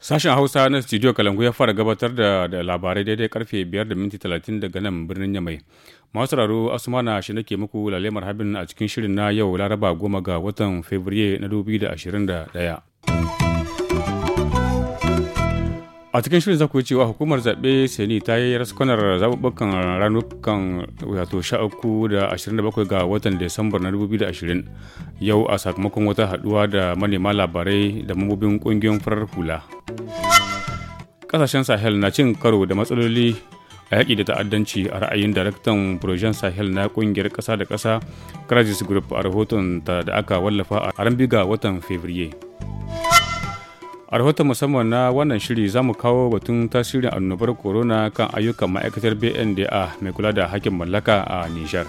Sashen Hausa na studio Kalangu ya fara gabatar da, labarai daidai karfe 5 da minti 30 daga nan birnin Yamai. Masu raro Asumana shi nake muku lalemar habin a cikin shirin na yau Laraba goma ga watan Fabrairu na 2021. a cikin shirin za ku yi cewa hukumar zaɓe seni ta yi raskunar zaɓuɓɓukan ranukan wato uku da bakwai ga watan disambar na 2020 yau a sakamakon wata haɗuwa da manema labarai da mambobin ƙungiyoyin farar hula ƙasashen sahel na cin karo da matsaloli a yaƙi da ta'addanci a ra'ayin daraktan projen sahel na ƙungiyar ƙasa da ƙasa crisis group a rahoton da aka wallafa a ran biga watan fevrier a rahoton musamman na wannan shiri za mu kawo batun tasirin annobar corona kan ayyukan ma'aikatar bnda mai kula da hakkin mallaka a nijar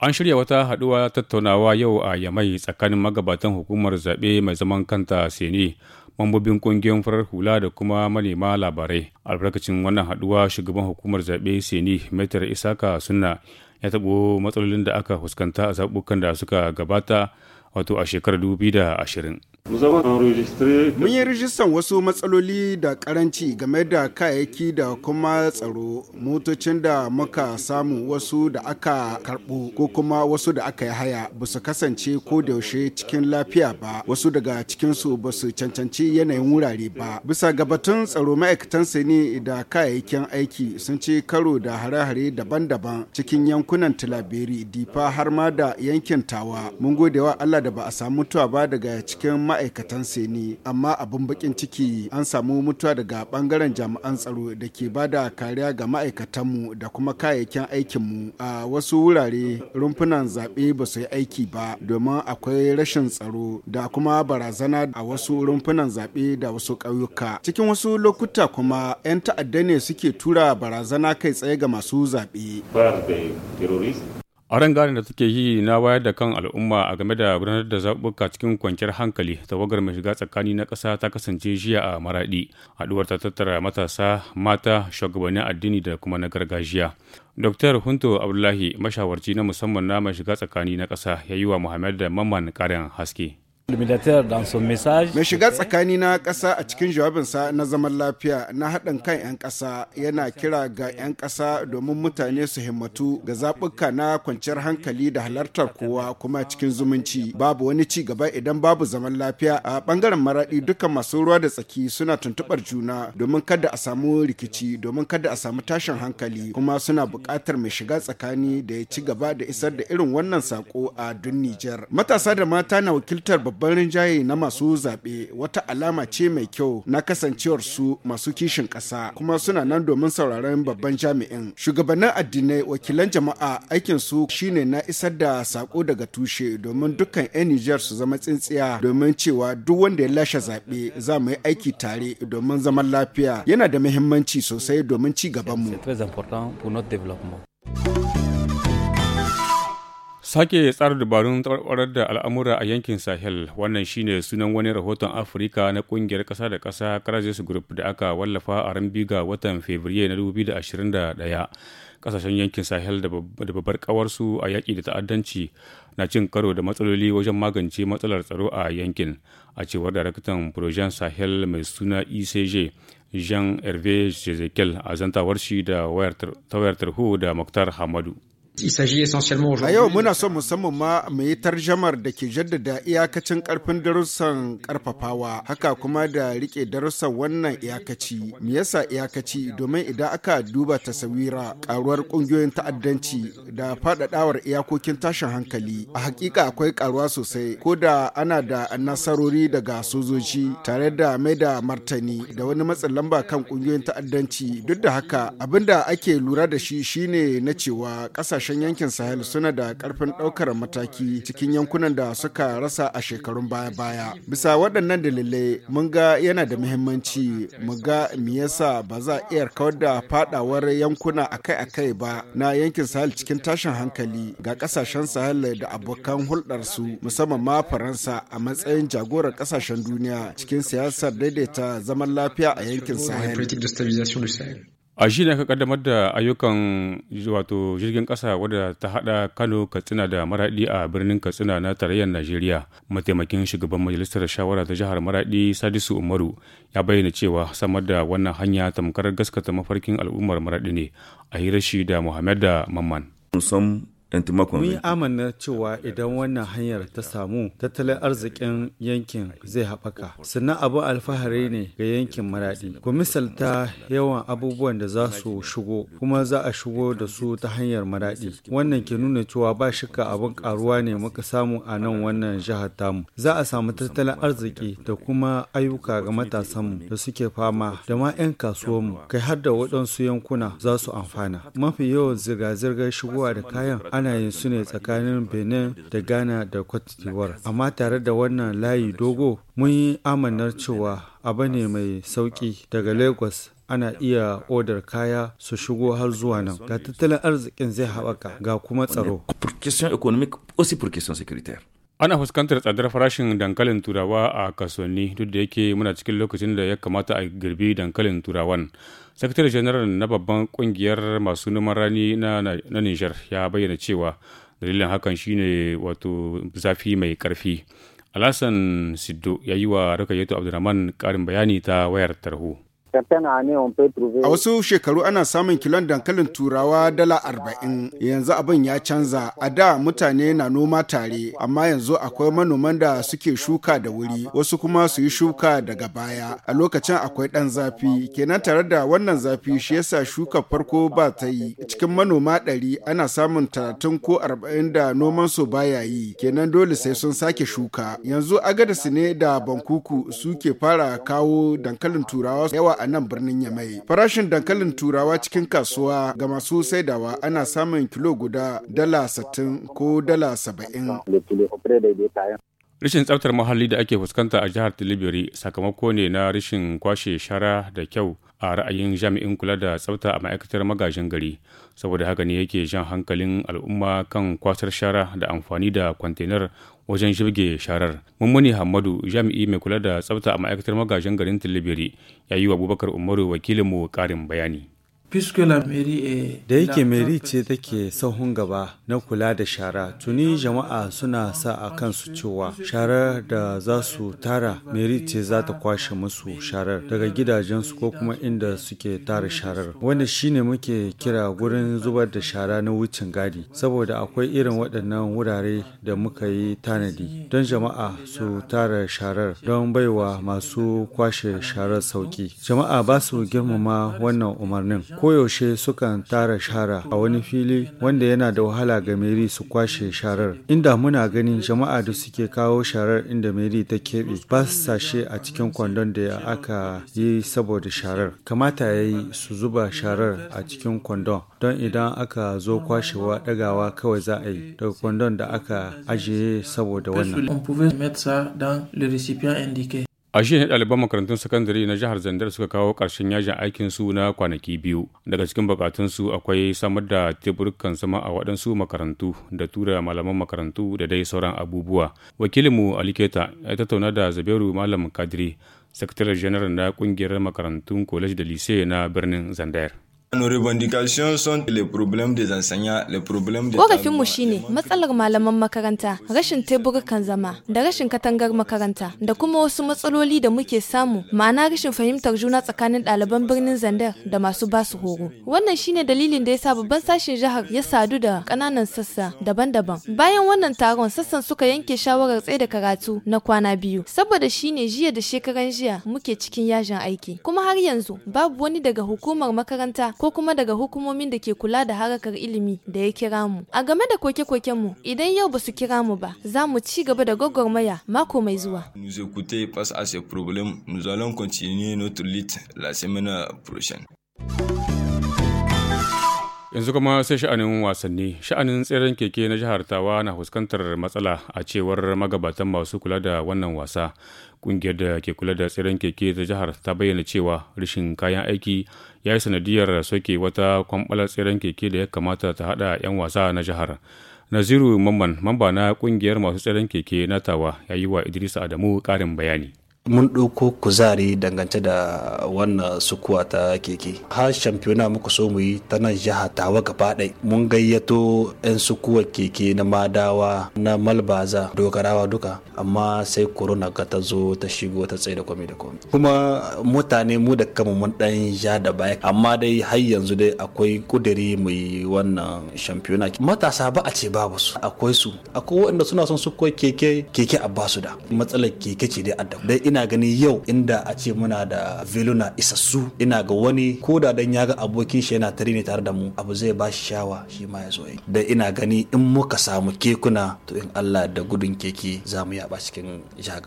an shirya wata haduwa tattaunawa yau a yamai tsakanin magabatan hukumar zaɓe mai zaman kanta sene mambobin ƙungiyar farar hula da kuma manema labarai albarkacin wannan haduwa shugaban hukumar zaɓe sene metar isaka suna ya taɓo matsalolin da aka fuskanta a zaɓukan da suka gabata wato a shekarar 2020 Mun yi rijistan wasu matsaloli da karanci game da kayayyaki da kuma tsaro motocin da muka samu wasu da aka karɓo ko kuma wasu da aka yi haya ba su kasance ko da yaushe cikin lafiya ba wasu daga cikinsu ba su cancanci yanayin wurare ba. Bisa ga batun tsaro ma'aikatan sani da kayayyakin aiki sun ci karo da hare-hare daban-daban cikin yankunan Tilaberi, Difa har ma da yankin Tawa. Mun gode wa Allah da ba a samu mutuwa ba daga cikin ma'aikatan ne amma abin bakin ciki an samu mutuwa daga bangaren jami'an tsaro da ke ba da kariya ga ma'aikatanmu da kuma kayayyakin aikinmu a wasu wurare rumfunan zaɓe ba su yi aiki ba domin akwai rashin tsaro da kuma barazana a wasu rumfunan zaɓe da wasu ƙauyuka cikin wasu lokuta kuma 'yan ta'adda ne suke tura barazana kai tsaye ga masu zaɓe. a rangadin da take yi na wayar da kan al'umma a game da gudanar da zaɓuɓɓuka cikin kwanciyar hankali tawagar mai shiga tsakani na ƙasa ta kasance jiya a maraɗi haɗuwar ta tattara matasa mata shugabannin addini da kuma na gargajiya dr hunto abdullahi mashawarci na musamman na mai shiga tsakani na ƙasa ya yi wa muhammad da maman ƙarin haske Mai shiga tsakani na ƙasa a cikin jawabinsa na zaman lafiya na haɗin kan 'yan ƙasa yana kira ga 'yan ƙasa domin mutane su himmatu ga zaɓuka na kwanciyar hankali da halartar kowa kuma cikin zumunci. Babu wani ci gaba idan babu zaman lafiya a ɓangaren maraɗi dukkan masu ruwa da tsaki suna tuntuɓar juna domin kada a samu rikici domin kada a samu tashin hankali kuma suna buƙatar mai shiga tsakani da ya ci gaba da isar da irin wannan saƙo a dun Nijar. Matasa da mata na wakiltar babban rinjaye na masu zaɓe wata alama ce mai kyau na kasancewar su masu kishin ƙasa kuma suna nan domin sauraron babban jami'in. Shugabannin addinai wakilan jama'a aikin su shine na isar da sako daga tushe domin dukkan 'yan Nijar su zama tsintsiya domin cewa duk wanda ya lashe zaɓe za mu yi aiki tare domin zaman lafiya yana da muhimmanci sosai domin ci gaban gabanmu. Sake tsara dabarun tsarkwarar da al'amura a yankin Sahel wannan shine sunan wani rahoton Afirka na kungiyar kasa da kasa Crisis Group da aka wallafa a ran ga watan Fabrairu na 2021. kasashen yankin Sahel da babbar ƙawarsu a yaƙi da ta'addanci na cin karo da matsaloli wajen magance matsalar tsaro a yankin. A cewar daraktan projen Sahel mai suna ECJ Jean Hervé Jezekiel a zantawar shi da wayar tarho da Muktar Hamadu. A yau muna son musamman ma mu yi tarjamar da ke jaddada iyakacin karfin darussan karfafawa haka kuma da rike darussan wannan iyakaci. Me yasa iyakaci domin idan aka duba tasawira karuwar kungiyoyin ta'addanci da faɗaɗawar iyakokin tashin hankali. A hakika akwai karuwa sosai ko da ana da nasarori daga sojoji tare da mai da martani da wani matsin lamba kan kungiyoyin ta'addanci duk da haka abinda ake lura da shi shine na cewa ƙasashe kasashen yankin sahel suna da karfin daukar mataki cikin yankunan da suka rasa a shekarun baya-baya bisa waɗannan dalilai mun ga yana da muhimmanci mu ga me yasa ba za a iya kawar da fadawar yankuna akai-akai ba na yankin sahel cikin tashin hankali ga kasashen sahel da abokan hulɗarsu musamman ma faransa a matsayin jagorar kasashen duniya cikin siyasar daidaita zaman lafiya a yankin sahel a shi ne aka kaddamar da ayyukan wato jirgin kasa wadda ta hada kano katsina da maradi a birnin katsina na tarayyar najeriya mataimakin shugaban majalisar shawara ta jihar maradi sadisu umaru ya bayyana cewa samar da wannan hanya tamkar gaskata mafarkin al'ummar maradi ne a hirar shi da muhammad da mamman. mun yi amana cewa idan wannan hanyar ta samu tattalin arzikin yankin zai haɓaka sannan abu alfahari ne ga yankin maradi ku misalta yawan abubuwan da za su shigo kuma za a shigo da su ta hanyar maradi wannan ke nuna cewa ba shika abin karuwa ne muka samu a nan wannan jihar tamu za a samu tattalin arziki da kuma ayyuka ga matasanmu da suke fama da ma 'yan kasuwanmu kai har da waɗansu yankuna za su amfana mafi yawan zirga-zirgar shigowa da kayan halaye su ne tsakanin benin da ghana da cote amma tare da wannan layi dogo mun yi amanar cewa abu ne mai sauki daga lagos ana iya odar kaya su shigo har zuwa nan ga tattalin arzikin zai haɓaka ga kuma tsaro ana fuskantar tsadar farashin dankalin turawa a kasuwanni duk da yake muna cikin lokacin da ya kamata a girbi dankalin turawan sakatare janaral na babban kungiyar masu noman rani na nijar ya bayyana cewa dalilin hakan shine wato zafi mai karfi alasan siddo ya yi wa rukayyato abdulrahman karin bayani ta wayar tarho A wasu shekaru ana samun kilon dankalin turawa dala arba'in yanzu abin ya canza a da mutane na noma tare amma yanzu akwai manoman da suke shuka da wuri wasu kuma su yi shuka daga baya a lokacin akwai dan zafi kenan tare da wannan zafi shi yasa shuka farko ba ta yi cikin manoma ɗari ana samun talatin ko arba'in da noman su baya yi kenan dole sai sun sake shuka yanzu agadas ne da bankuku suke fara kawo dankalin turawa yawa a nan birnin Yamai. Farashin dankalin turawa cikin kasuwa ga masu saidawa ana samun kilo guda dala satin ko dala saba'in. Rashin tsaftar muhalli da ake fuskanta a jihar Tilibiri sakamako ne na rashin kwashe shara da kyau a ra'ayin jami'in kula da tsafta a ma'aikatar magajin gari. Saboda haka ne yake jan hankalin al'umma kan kwasar shara da amfani da kwantenar wajen shirge sharar mummuni hamadu jami'i mai kula da tsafta a ma'aikatar magajin garin tilibiri ya yi wa abubakar umaru wakilinmu karin bayani Eh, da yake Meri ce take sahun gaba na kula da shara, tuni jama'a suna sa a kansu cewa sharar da za su tara Meri ce za ta kwashe musu sharar daga gidajensu ko kuma inda suke tara sharar. Wanda shine muke kira gurin zubar da shara na wucin gadi, saboda akwai irin waɗannan wurare da muka yi tanadi don jama'a su tara sharar don baiwa masu kwashe sharar sauki. Jama'a ba su girmama wannan umarnin. koyaushe sukan tara shara a wani fili wanda yana da wahala ga meri su kwashe sharar inda muna ganin jama'a da suke kawo sharar inda meri ta keɓe ba su sashe a cikin kwandon da aka yi saboda sharar kamata ya yi su zuba sharar a cikin kwandon don idan aka zo kwashewa ɗagawa kawai za a yi daga kwandon da aka ajiye saboda wannan A shi ne ɗaliban makarantun sakandare na jihar Zandar suka kawo ƙarshen yajin aikin su na kwanaki biyu. Daga cikin bukatun su akwai samar da teburukan sama a waɗansu makarantu da tura malaman makarantu da dai sauran abubuwa. Wakilinmu Aliketa ya tattauna da Zabiru Malam Kadiri, sakataren janar na ƙungiyar makarantun College da Lise na birnin Zandar. Nos revendications sont les problèmes des enseignants, les problèmes des Korafinmu shine matsalar malaman makaranta, rashin teburukan zama, da rashin katangar makaranta, da kuma wasu matsaloli da muke samu, ma'ana rashin fahimtar juna tsakanin ɗaliban birnin Zandar da masu basu horo. Wannan shine dalilin da ya sa babban sashen jihar ya sadu da ƙananan sassa daban-daban. Bayan wannan taron sassan suka yanke shawarar tsaye da karatu na kwana biyu, saboda shine jiya da shekaran jiya muke cikin yajin aiki. Kuma har yanzu babu wani daga hukumar makaranta ko kuma daga hukumomin da ke kula da harakar ilimi da ya kira mu. A game da koke-koken mu idan yau ba su kira mu ba za mu ci gaba da gwagwarmaya mako mai zuwa. Nous écoutez face à ces problèmes, nous allons continuer notre lutte la semaine prochaine. yanzu kuma sai sha'anin wasanni sha'anin tseren keke na jihar tawa na fuskantar matsala a cewar magabatan masu kula da wannan wasa kungiyar da ke kula da tseren keke ta jihar ta bayyana cewa rashin kayan aiki ya yi sanadiyar soke wata kwambalar tseren keke da ya kamata ta haɗa 'yan wasa na jihar naziru mamman mamba na kungiyar masu tseren keke na tawa ya yi wa idris adamu ƙarin bayani mun ɗauko kuzari dangance da wannan sukuwa ta keke har shampiyona muka so mu yi ta nan jiha tawa gaba ɗai mun gayyato 'yan sukuwar keke na madawa na malbaza dogarawa duka amma sai corona ka ta zo ta shigo ta tsaye da komai da komai kuma mutane mu da kama mun dan ja da baya amma dai har yanzu dai akwai kudiri mu yi wannan shampiyona matasa ba a ce babu su akwai su akwai waɗanda suna son sukuwar keke keke a basu da matsalar keke ce dai a ina gani yau inda a ce muna da veluna isassu ina ga wani ko da dan ya abokin shi yana tare ne tare da mu abu zai ba shi shawa shi ma ya zo yi da ina gani in muka samu kekuna to in Allah da gudun keke za mu yaba cikin jihar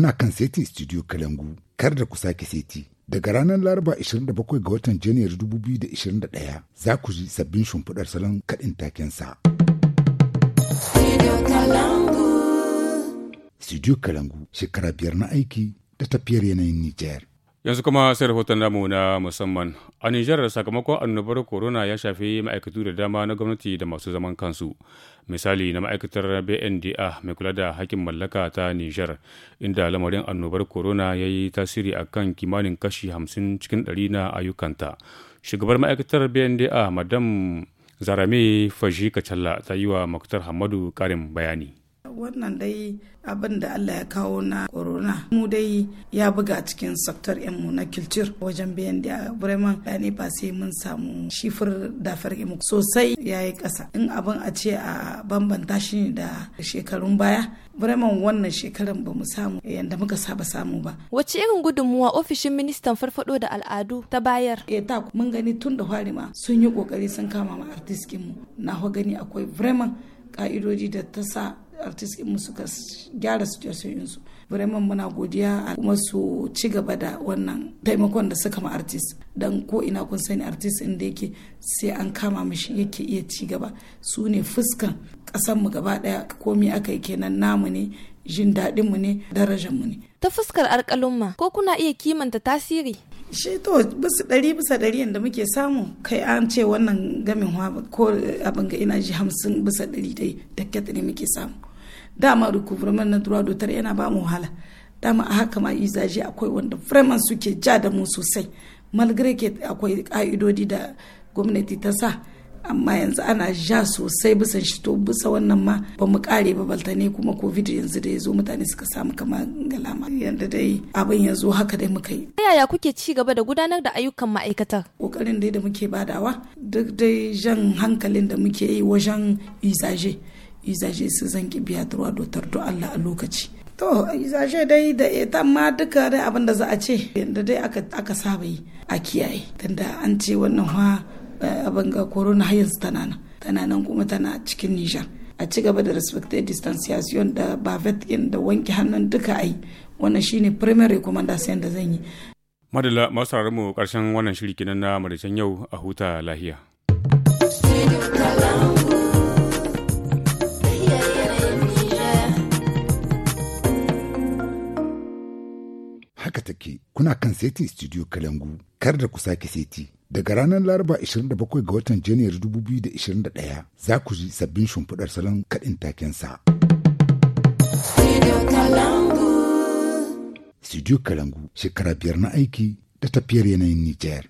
kuna kan setin studio kalangu kar da ku sake seti daga ranar laraba 27 ga watan janairu 2021 za ku ji sabbin shimfiɗar salon kaɗin takensa studio kalangu shekara biyar na aiki da tafiyar yanayin nijar yanzu kuma sai rahoton namu na musamman a nijar sakamakon annobar corona ya shafi ma'aikatu da dama na gwamnati da masu zaman kansu misali na ma'aikatar bnda mai kula da hakkin mallaka ta nijar inda lamarin annobar corona ya yi tasiri a kan kimanin kashi hamsin cikin 100 na ayyukanta shugabar ma'aikatar bnda madam zarame fashi kacalla ta yi wa muktar hamadu karin bayani wannan dai abin da allah ya kawo na corona mu dai ya buga cikin sektor mu na kiltir wajen bayan da bremen ya ne ba sai mun samu shifir da mu sosai ya yi ƙasa in abin a ce a bambanta shi ne da shekarun baya bremen wannan shekaran ba mu samu yadda muka saba samu ba wace irin gudunmuwa ofishin ministan farfado da al'adu ta bayar ya e, ta mun gani tun da fari ma sun yi kokari sun kama ma artiskin mu na gani akwai bremen ka'idoji da ta sa artist mu suka gyara situation su vraiment muna godiya kuma su ci gaba da wannan taimakon da suka ma artist dan ko ina kun sani artist inda yake sai an kama mishi yake iya ci gaba su ne fuskan mu gaba ɗaya komai aka yi kenan namu ne jin mu ne mu ne ta fuskar alƙalumma ko kuna iya kimanta tasiri shi to bisa ɗari bisa ɗari yadda muke samu kai an ce wannan gamin ko abin ga ina ji hamsin bisa ɗari dai da ne muke samu dama recouvrement na droit dotar yana ba mu wahala dama a haka ma izaji akwai wanda vraiment suke ja da mu sosai malgré ke akwai ka'idodi da gwamnati ta sa amma yanzu ana ja sosai bisa shi to bisa wannan ma ba mu kare ba baltane kuma covid yanzu da ya zo mutane suka samu kama galama yadda dai abin ya zo haka dai muka yi yaya kuke ci gaba da gudanar da ayyukan ma'aikatar kokarin dai da muke badawa duk dai jan hankalin da muke yi wajen izaje izaje su zan ki biya turwa dotar do Allah a lokaci to izaje dai da ita ma duka dai abin da za a ce da dai aka aka saba yi a kiyaye tunda an ce wannan ha eh, abin ga corona har yanzu tana nan tana nan kuma tana cikin Nijar a ci gaba da respected distanciation da bavet da wanke hannun duka ai wannan shine primary recommendation da zan yi madalla masu mu karshen wannan shiri kenan na madashin yau a huta lahiya. take kuna kan seti studio kalangu kar da ku sake seti daga ranar laraba 27 ga watan janairu 2021 za ku ji sabbin shimfiɗar salon kaɗin takensa. studio kalangu shekara biyar na aiki da tafiyar yanayin niger